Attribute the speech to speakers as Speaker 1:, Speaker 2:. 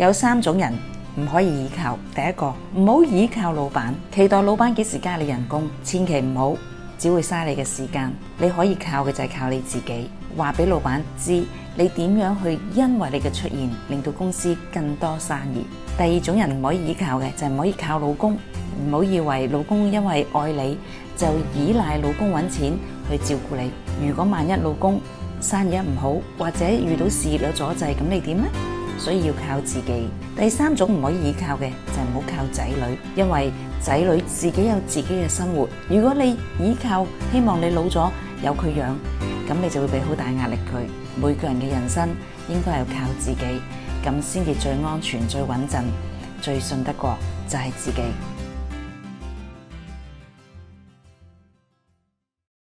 Speaker 1: 有三種人唔可以依靠，第一個唔好依靠老闆，期待老闆幾時加你人工，千祈唔好，只會嘥你嘅時間。你可以靠嘅就係靠你自己，話俾老闆知你點樣去，因為你嘅出現令到公司更多生意。第二種人唔可以依靠嘅就係唔可以靠老公，唔好以為老公因為愛你就依賴老公揾錢去照顧你。如果萬一老公生意唔好，或者遇到事業有阻滯，咁你點呢？所以要靠自己。第三種唔可以依靠嘅就係唔好靠仔女，因為仔女自己有自己嘅生活。如果你依靠，希望你老咗有佢養，咁你就會俾好大壓力佢。每個人嘅人生應該係要靠自己，咁先至最安全、最穩陣、最信得過，就係自己。